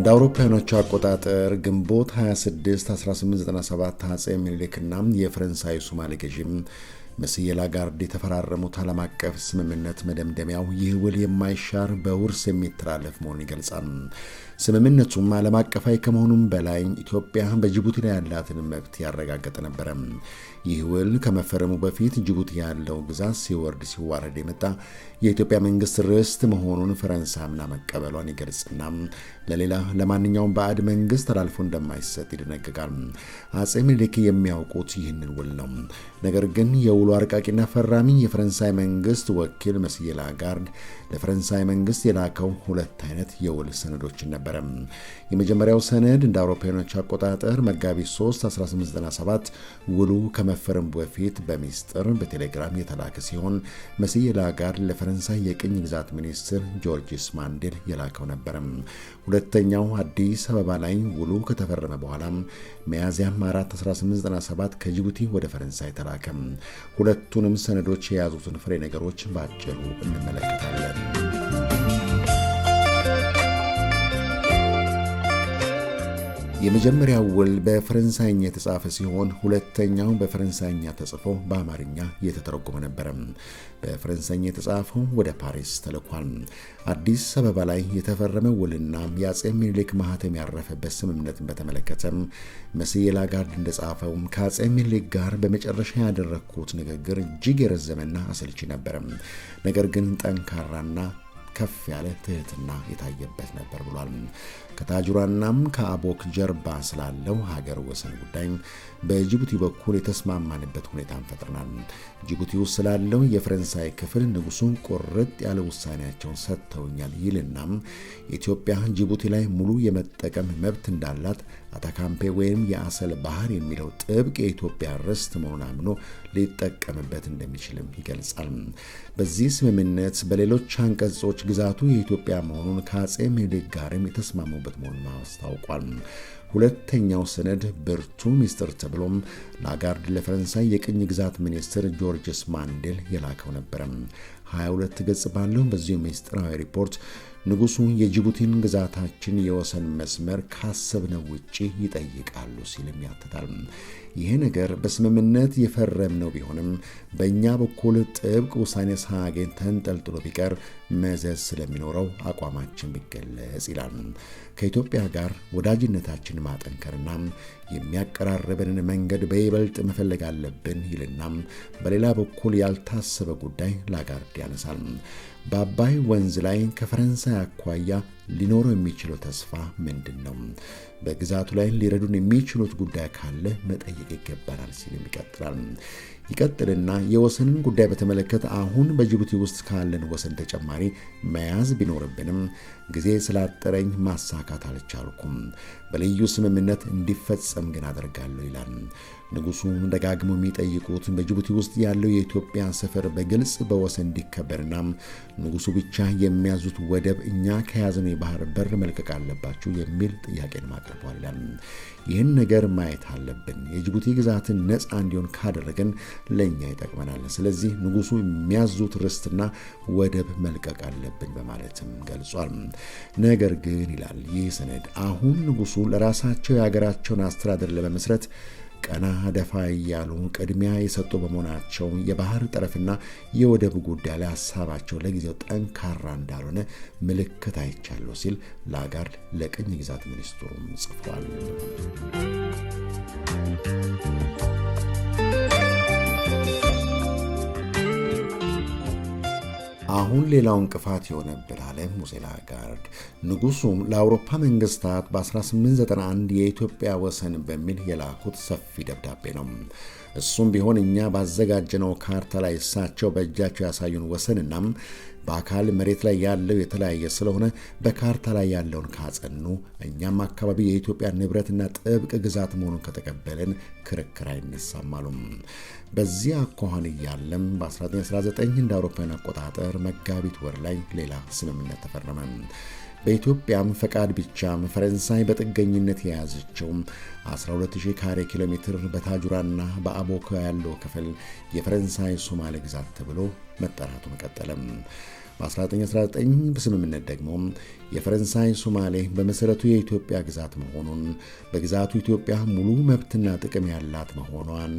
እንደ አውሮፓውያኖቹ አቆጣጠር ግንቦት 26 1897 አፄ ምኒልክና የፈረንሳይ ሱማሌ ገዥም መስዬ ላጋርድ የተፈራረሙት ዓለም አቀፍ ስምምነት መደምደሚያው ይህ ውል የማይሻር በውርስ የሚተላለፍ መሆኑን ይገልጻል። ስምምነቱም ዓለም አቀፋዊ ከመሆኑም በላይ ኢትዮጵያ በጅቡቲ ላይ ያላትን መብት ያረጋገጠ ነበረ። ይህ ውል ከመፈረሙ በፊት ጅቡቲ ያለው ግዛት ሲወርድ ሲዋረድ የመጣ የኢትዮጵያ መንግስት ርስት መሆኑን ፈረንሳይ አምና መቀበሏን ይገልጽና ለሌላ ለማንኛውም ባዕድ መንግስት ተላልፎ እንደማይሰጥ ይደነግጋል። አጼ ምኒልክ የሚያውቁት ይህንን ውል ነው። ነገር ግን የውሉ አርቃቂና ፈራሚ የፈረንሳይ መንግስት ወኪል መስዬ ላጋርድ ለፈረንሳይ መንግስት የላከው ሁለት አይነት የውል ሰነዶችን ነበር። ነበረም። የመጀመሪያው ሰነድ እንደ አውሮፓውያኖች አቆጣጠር መጋቢት 3 1897 ውሉ ከመፈረም በፊት በሚስጥር በቴሌግራም የተላከ ሲሆን መስዬ ላጋርድ ለፈረንሳይ የቅኝ ግዛት ሚኒስትር ጆርጅስ ማንዴል የላከው ነበረም። ሁለተኛው አዲስ አበባ ላይ ውሉ ከተፈረመ በኋላም ሚያዝያም 4 1897 ከጅቡቲ ወደ ፈረንሳይ ተላከም። ሁለቱንም ሰነዶች የያዙትን ፍሬ ነገሮች ባጭሩ እንመለከታለን። የመጀመሪያው ውል በፈረንሳይኛ የተጻፈ ሲሆን ሁለተኛው በፈረንሳይኛ ተጽፎ በአማርኛ እየተተረጎመ ነበረ። በፈረንሳይኛ የተጻፈው ወደ ፓሪስ ተልኳል። አዲስ አበባ ላይ የተፈረመ ውልና የአጼ ሚኒሊክ ማህተም ያረፈበት ስምምነትን በተመለከተ መስየላ ላጋርድ እንደጻፈው ከአጼ ሚኒሊክ ጋር በመጨረሻ ያደረግኩት ንግግር እጅግ የረዘመና አሰልቺ ነበረ፣ ነገር ግን ጠንካራና ከፍ ያለ ትህትና የታየበት ነበር ብሏል። ከታጅራናም ከአቦክ ጀርባ ስላለው ሀገር ወሰን ጉዳይ በጅቡቲ በኩል የተስማማንበት ሁኔታን ፈጥረናል። ጅቡቲ ውስጥ ስላለው የፈረንሳይ ክፍል ንጉሱን ቁርጥ ያለ ውሳኔያቸውን ሰጥተውኛል ይልናም ኢትዮጵያ ጅቡቲ ላይ ሙሉ የመጠቀም መብት እንዳላት አታካምፔ ወይም የአሰል ባህር የሚለው ጥብቅ የኢትዮጵያ ርስት መሆኑን አምኖ ሊጠቀምበት እንደሚችልም ይገልጻል። በዚህ ስምምነት በሌሎች አንቀጾች ግዛቱ የኢትዮጵያ መሆኑን ከአጼ ምኒልክ ጋርም የተስማሙ የተስማሙበት መሆኑን አስታውቋል። ሁለተኛው ሰነድ ብርቱ ሚስጥር ተብሎም ላጋርድ ለፈረንሳይ የቅኝ ግዛት ሚኒስትር ጆርጅስ ማንዴል የላከው ነበረ። 22 ገጽ ባለው በዚሁ ሚስጥራዊ ሪፖርት ንጉሱ የጅቡቲን ግዛታችን የወሰን መስመር ካሰብነው ውጪ ይጠይቃሉ ሲልም ያትታል። ይህ ነገር በስምምነት የፈረምነው ቢሆንም በእኛ በኩል ጥብቅ ውሳኔ ሳያገኝ ተንጠልጥሎ ቢቀር መዘዝ ስለሚኖረው አቋማችን ቢገለጽ ይላል። ከኢትዮጵያ ጋር ወዳጅነታችን ማጠንከርና የሚያቀራርበንን መንገድ በይበልጥ መፈለግ አለብን ይልና በሌላ በኩል ያልታሰበ ጉዳይ ላጋርድ ያነሳል። በአባይ ወንዝ ላይ ከፈረንሳይ አኳያ ሊኖረው የሚችለው ተስፋ ምንድን ነው? በግዛቱ ላይ ሊረዱን የሚችሉት ጉዳይ ካለ መጠየቅ ይገባናል ሲልም ይቀጥላል። ይቀጥልና የወሰንን ጉዳይ በተመለከተ አሁን በጅቡቲ ውስጥ ካለን ወሰን ተጨማሪ መያዝ ቢኖርብንም ጊዜ ስላጠረኝ ማሳካት አልቻልኩም። በልዩ ስምምነት እንዲፈጸም ግን አደርጋለሁ ይላል። ንጉሱ ደጋግመው የሚጠይቁት በጅቡቲ ውስጥ ያለው የኢትዮጵያ ሰፈር በግልጽ በወሰን እንዲከበርና ንጉሱ ብቻ የሚያዙት ወደብ እኛ ከያዝነው የባህር በር መልቀቅ አለባችሁ የሚል ጥያቄን ማቅርቧል። ይህን ነገር ማየት አለብን። የጅቡቲ ግዛትን ነፃ እንዲሆን ካደረግን ለእኛ ይጠቅመናል። ስለዚህ ንጉሱ የሚያዙት ርስትና ወደብ መልቀቅ አለብን በማለትም ገልጿል። ነገር ግን ይላል ይህ ሰነድ አሁን ንጉሱ ለራሳቸው የሀገራቸውን አስተዳደር ለመመስረት ቀና ደፋ እያሉ ቅድሚያ የሰጡ በመሆናቸው የባህር ጠረፍና የወደብ ጉዳይ ላይ ሀሳባቸው ለጊዜው ጠንካራ እንዳልሆነ ምልክት አይቻለሁ ሲል ላጋርድ ለቅኝ ግዛት ሚኒስትሩም ጽፏል። አሁን ሌላው እንቅፋት የሆነብን አለ ሙሴ ላጋርድ። ንጉሱም ለአውሮፓ መንግስታት በ1891 የኢትዮጵያ ወሰን በሚል የላኩት ሰፊ ደብዳቤ ነው። እሱም ቢሆን እኛ ባዘጋጀነው ካርታ ላይ እሳቸው በእጃቸው ያሳዩን ወሰንና በአካል መሬት ላይ ያለው የተለያየ ስለሆነ በካርታ ላይ ያለውን ካጸኑ፣ እኛም አካባቢ የኢትዮጵያ ንብረትና ጥብቅ ግዛት መሆኑን ከተቀበልን ክርክር አይነሳም አሉ። በዚህ አኳኋን እያለም በ1919 እንደ አውሮፓውያን አቆጣጠር መጋቢት ወር ላይ ሌላ ስምምነት ተፈረመ። በኢትዮጵያም ፈቃድ ብቻ ፈረንሳይ በጥገኝነት የያዘችው 120 ካሬ ኪሎ ሜትር በታጁራና በአቦካ ያለው ክፍል የፈረንሳይ ሶማሌ ግዛት ተብሎ መጠራቱን ቀጠለም። በ1919 በስምምነት ደግሞ የፈረንሳይ ሶማሌ በመሠረቱ የኢትዮጵያ ግዛት መሆኑን በግዛቱ ኢትዮጵያ ሙሉ መብትና ጥቅም ያላት መሆኗን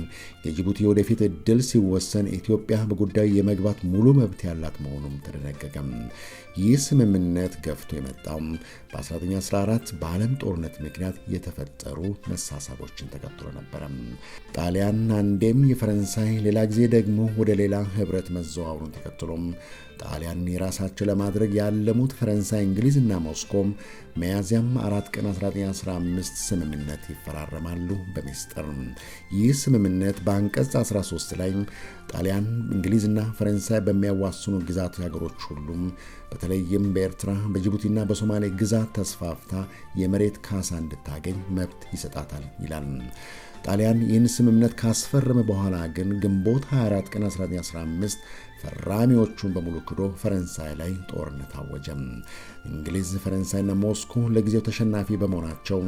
የጅቡቲ ወደፊት ዕድል ሲወሰን ኢትዮጵያ በጉዳዩ የመግባት ሙሉ መብት ያላት መሆኑም ተደነገገም። ይህ ስምምነት ገፍቶ የመጣው በ1914 በዓለም ጦርነት ምክንያት የተፈጠሩ መሳሳቦችን ተከትሎ ነበረ። ጣሊያን አንዴም የፈረንሳይ ሌላ ጊዜ ደግሞ ወደ ሌላ ህብረት መዘዋወሩን ተከትሎም ጣሊያን የራሳቸው ለማድረግ ያለሙት ፈረንሳይ፣ እንግሊዝና ሞስኮም ሚያዝያም አራት ቀን 1915 ስምምነት ይፈራረማሉ በሚስጥር። ይህ ስምምነት በአንቀጽ 13 ላይ ጣሊያን፣ እንግሊዝና ፈረንሳይ በሚያዋስኑ ግዛት ሀገሮች ሁሉም በተለይም በኤርትራ በጅቡቲና በሶማሌ ግዛት ተስፋፍታ የመሬት ካሳ እንድታገኝ መብት ይሰጣታል ይላል። ጣሊያን ይህን ስምምነት ካስፈረመ በኋላ ግን ግንቦት 24 ቀን 1915 ፈራሚዎቹን በሙሉ ክዶ ፈረንሳይ ላይ ጦርነት አወጀም። እንግሊዝ፣ ፈረንሳይና ሞስኮ ለጊዜው ተሸናፊ በመሆናቸው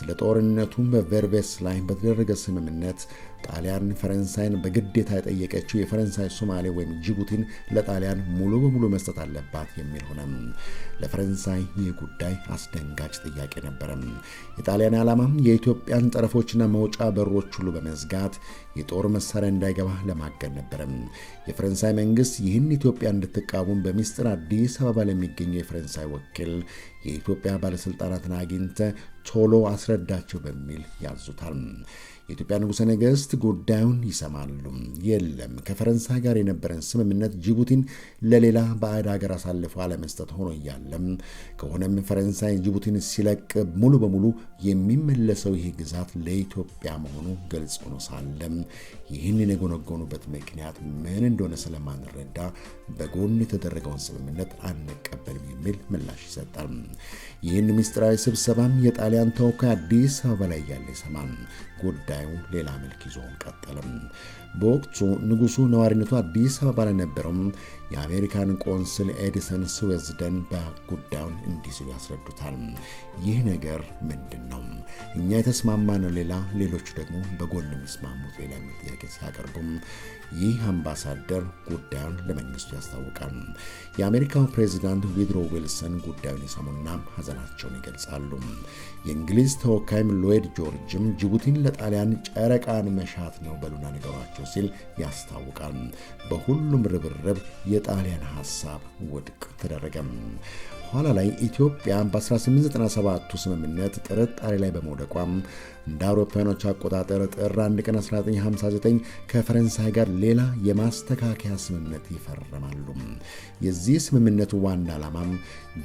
ስለ ጦርነቱ በቬርቬስ ላይ በተደረገ ስምምነት ጣሊያን ፈረንሳይን በግዴታ የጠየቀችው የፈረንሳይ ሶማሌ ወይም ጅቡቲን ለጣሊያን ሙሉ በሙሉ መስጠት አለባት የሚል ሆነ። ለፈረንሳይ ይህ ጉዳይ አስደንጋጭ ጥያቄ ነበረ። የጣሊያን ዓላማ የኢትዮጵያን ጠረፎችና መውጫ በሮች ሁሉ በመዝጋት የጦር መሳሪያ እንዳይገባ ለማገድ ነበረ። የፈረንሳይ መንግስት መንግስት ይህን ኢትዮጵያ እንድትቃወም በሚስጥር አዲስ አበባ ለሚገኘው የፈረንሳይ ወኪል የኢትዮጵያ ባለሥልጣናትን አግኝተ ቶሎ አስረዳቸው በሚል ያዙታል። የኢትዮጵያ ንጉሠ ነገሥት ጉዳዩን ይሰማሉ። የለም ከፈረንሳይ ጋር የነበረን ስምምነት ጅቡቲን ለሌላ ባዕድ ሀገር አሳልፎ አለመስጠት ሆኖ እያለም ከሆነም ፈረንሳይ ጅቡቲን ሲለቅ ሙሉ በሙሉ የሚመለሰው ይህ ግዛት ለኢትዮጵያ መሆኑ ግልጽ ሆኖ ሳለም ይህን የጎነጎኑበት ምክንያት ምን እንደሆነ ስለማንረዳ በጎን የተደረገውን ስምምነት አንቀበልም የሚል ምላሽ ይሰጣል። ይህን ምስጢራዊ ስብሰባም የጣሊያን ተወካይ አዲስ አበባ ላይ ያለ ይሰማል። ጉዳዩ ሌላ መልክ ይዞ ቀጠለም። በወቅቱ ንጉሱ ነዋሪነቱ አዲስ አበባ ላይ የአሜሪካን ቆንስል ኤዲሰን ስዌዝደን በጉዳዩን እንዲህ ሲሉ ያስረዱታል። ይህ ነገር ምንድን ነው? እኛ ነው ሌላ፣ ሌሎቹ ደግሞ በጎን የሚስማሙት ሌላ የሚል ጥያቄ ሲያቀርቡም ይህ አምባሳደር ጉዳዩን ለመንግስቱ ያስታውቃል። የአሜሪካው ፕሬዚዳንት ዊድሮ ዊልሰን ጉዳዩን የሰሙና ሀዘናቸውን ይገልጻሉ። የእንግሊዝ ተወካይም ሎይድ ጆርጅም ጅቡቲን ለጣሊያን ጨረቃን መሻት ነው በሉና ነገሯቸው ሲል ያስታውቃል። በሁሉም ርብርብ የጣሊያን ሐሳብ ውድቅ ተደረገም። ኋላ ላይ ኢትዮጵያ በ 1897 ስምምነት ጥርጣሬ ላይ በመውደቋም እንደ አውሮፓውያኖች አቆጣጠር ጥር 1 ቀን 1959 ከፈረንሳይ ጋር ሌላ የማስተካከያ ስምምነት ይፈርማሉ። የዚህ ስምምነቱ ዋና ዓላማም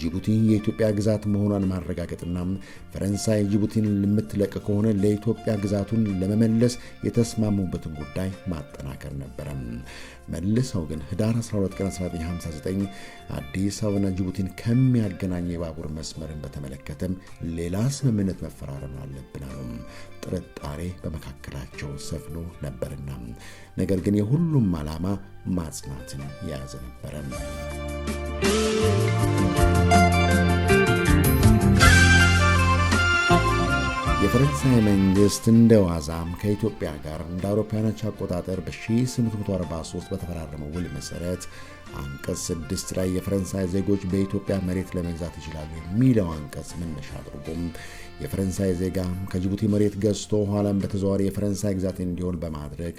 ጅቡቲ የኢትዮጵያ ግዛት መሆኗን ማረጋገጥና ፈረንሳይ ጅቡቲን የምትለቅ ከሆነ ለኢትዮጵያ ግዛቱን ለመመለስ የተስማሙበትን ጉዳይ ማጠናከር ነበረ። መልሰው ግን ህዳር 12 ቀን 1959 አዲስ አበባና ጅቡቲን ከሚያገናኝ የባቡር መስመርን በተመለከተም ሌላ ስምምነት መፈራረም አለብን አሉም። ጥርጣሬ በመካከላቸው ሰፍኖ ነበርና ነገር ግን የሁሉም ዓላማ ማጽናትን የያዘ ነበረ። የፈረንሳይ መንግሥት እንደ ዋዛም ከኢትዮጵያ ጋር እንደ አውሮፓውያኖች አቆጣጠር በ1843 በተፈራረመው ውል መሠረት አንቀጽ 6 ላይ የፈረንሳይ ዜጎች በኢትዮጵያ መሬት ለመግዛት ይችላሉ የሚለው አንቀጽ መነሻ አድርጎም የፈረንሳይ ዜጋ ከጅቡቲ መሬት ገዝቶ ኋላም በተዘዋሪ የፈረንሳይ ግዛት እንዲሆን በማድረግ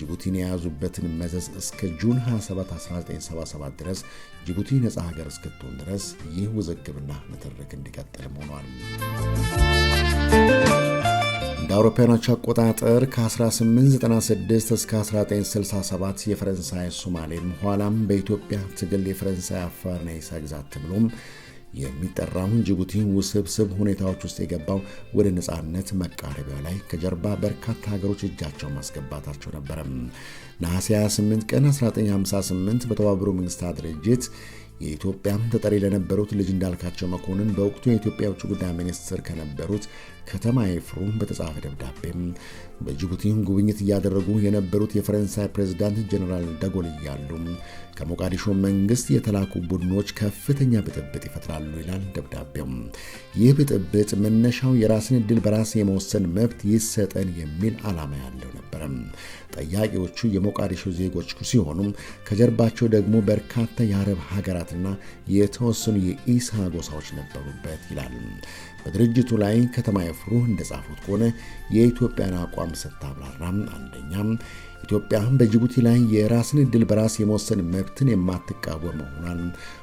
ጅቡቲን የያዙበትን መዘዝ እስከ ጁን 27 1977 ድረስ ጅቡቲ ነፃ ሀገር እስክትሆን ድረስ ይህ ውዝግብና ንትርክ እንዲቀጥልም ሆኗል። እንደ አውሮፓውያኖች አቆጣጠር ከ1896 እስከ 1967 የፈረንሳይ ሶማሌም ኋላም በኢትዮጵያ ትግል የፈረንሳይ አፋርና ኢሳ ግዛት ተብሎም የሚጠራውን ጅቡቲ ውስብስብ ሁኔታዎች ውስጥ የገባው ወደ ነጻነት መቃረቢያ ላይ ከጀርባ በርካታ ሀገሮች እጃቸው ማስገባታቸው ነበረ። ነሐሴ 28 ቀን 1958 በተባበሩ መንግስታት ድርጅት የኢትዮጵያም ተጠሪ ለነበሩት ልጅ እንዳልካቸው መኮንን በወቅቱ የኢትዮጵያ ውጭ ጉዳይ ሚኒስትር ከነበሩት ከተማ ኤፍሩ በተጻፈ ደብዳቤም በጅቡቲ ጉብኝት እያደረጉ የነበሩት የፈረንሳይ ፕሬዝዳንት ጀኔራል ደጎል እያሉ ከሞቃዲሾ መንግስት የተላኩ ቡድኖች ከፍተኛ ብጥብጥ ይፈጥራሉ ይላል ደብዳቤው። ይህ ብጥብጥ መነሻው የራስን እድል በራስ የመወሰን መብት ይሰጠን የሚል ዓላማ ያለው ነበረ። ጠያቂዎቹ የሞቃዲሾ ዜጎች ሲሆኑም ከጀርባቸው ደግሞ በርካታ የአረብ ሀገራትና የተወሰኑ የኢሳ ጎሳዎች ነበሩበት ይላል። በድርጅቱ ላይ ከተማ የፍሩህ እንደጻፉት ከሆነ የኢትዮጵያን አቋም ስታብራራም አንደኛም ኢትዮጵያ በጅቡቲ ላይ የራስን እድል በራስ የመወሰን መብትን የማትቃወም መሆኗን፣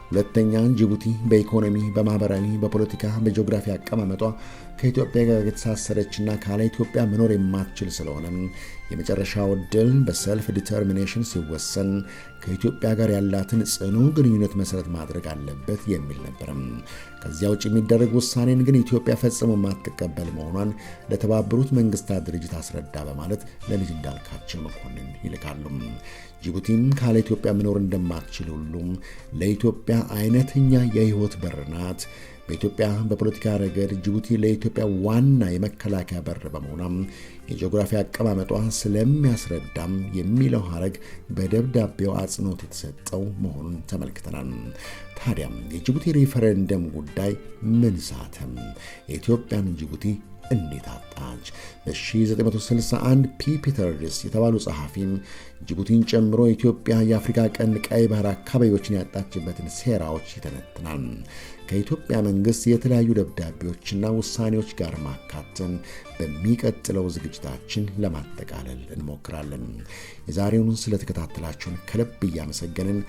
ሁለተኛ ጅቡቲ በኢኮኖሚ፣ በማህበራዊ፣ በፖለቲካ፣ በጂኦግራፊ አቀማመጧ ከኢትዮጵያ ጋር የተሳሰረችና ካለ ኢትዮጵያ መኖር የማትችል ስለሆነ የመጨረሻው እድል በሰልፍ ዲተርሚኔሽን ሲወሰን ከኢትዮጵያ ጋር ያላትን ጽኑ ግንኙነት መሰረት ማድረግ አለበት የሚል ነበርም። ከዚያ ውጭ የሚደረግ ውሳኔን ግን ኢትዮጵያ ፈጽሞ ማትቀበል መሆኗን ለተባበሩት መንግስታት ድርጅት አስረዳ በማለት ለልጅ እንዳልካቸው መኮንን ይልካሉ። ጅቡቲም ካለ ኢትዮጵያ መኖር እንደማትችል ሁሉም ለኢትዮጵያ አይነተኛ የህይወት በር ናት። በኢትዮጵያ በፖለቲካ ረገድ ጅቡቲ ለኢትዮጵያ ዋና የመከላከያ በር በመሆኗም የጂኦግራፊ አቀማመጧ ስለሚያስረዳም የሚለው ሀረግ በደብዳቤው አጽንኦት የተሰጠው መሆኑን ተመልክተናል። ታዲያም የጅቡቲ ሪፈረንደም ጉዳይ ምን ሳተም? የኢትዮጵያን ጅቡቲ እንዴት አጣች? በ1961 ፒተርስ የተባሉ ጸሐፊም ጅቡቲን ጨምሮ ኢትዮጵያ የአፍሪካ ቀንድ ቀይ ባህር አካባቢዎችን ያጣችበትን ሴራዎች ይተነትናል። ከኢትዮጵያ መንግሥት የተለያዩ ደብዳቤዎችና ውሳኔዎች ጋር ማካተን በሚቀጥለው ዝግጅታችን ለማጠቃለል እንሞክራለን። የዛሬውን ስለተከታተላችሁን ከልብ እያመሰገንን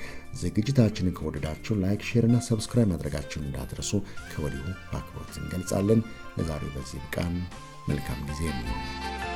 ዝግጅታችንን ከወደዳችሁ ላይክ፣ ሼርና ሰብስክራይብ ማድረጋችሁን እንዳትረሱ ከወዲሁ አክብሮት እንገልጻለን። ለዛሬው በዚህ ብቃን። መልካም ጊዜ ነው።